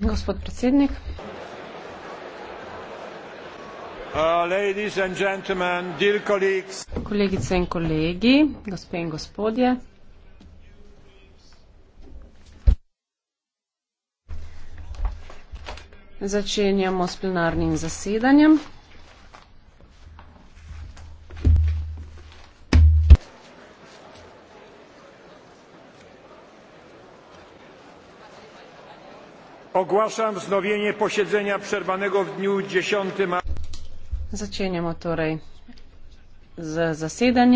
Gospod predsednik. Uh, Kolegice in kolegi, gospe in gospodje. Začenjamo s plenarnim zasedanjem. Ogłaszam wznowienie posiedzenia przerwanego w dniu 10 marca. Zaczynamy z zasiedzeniem.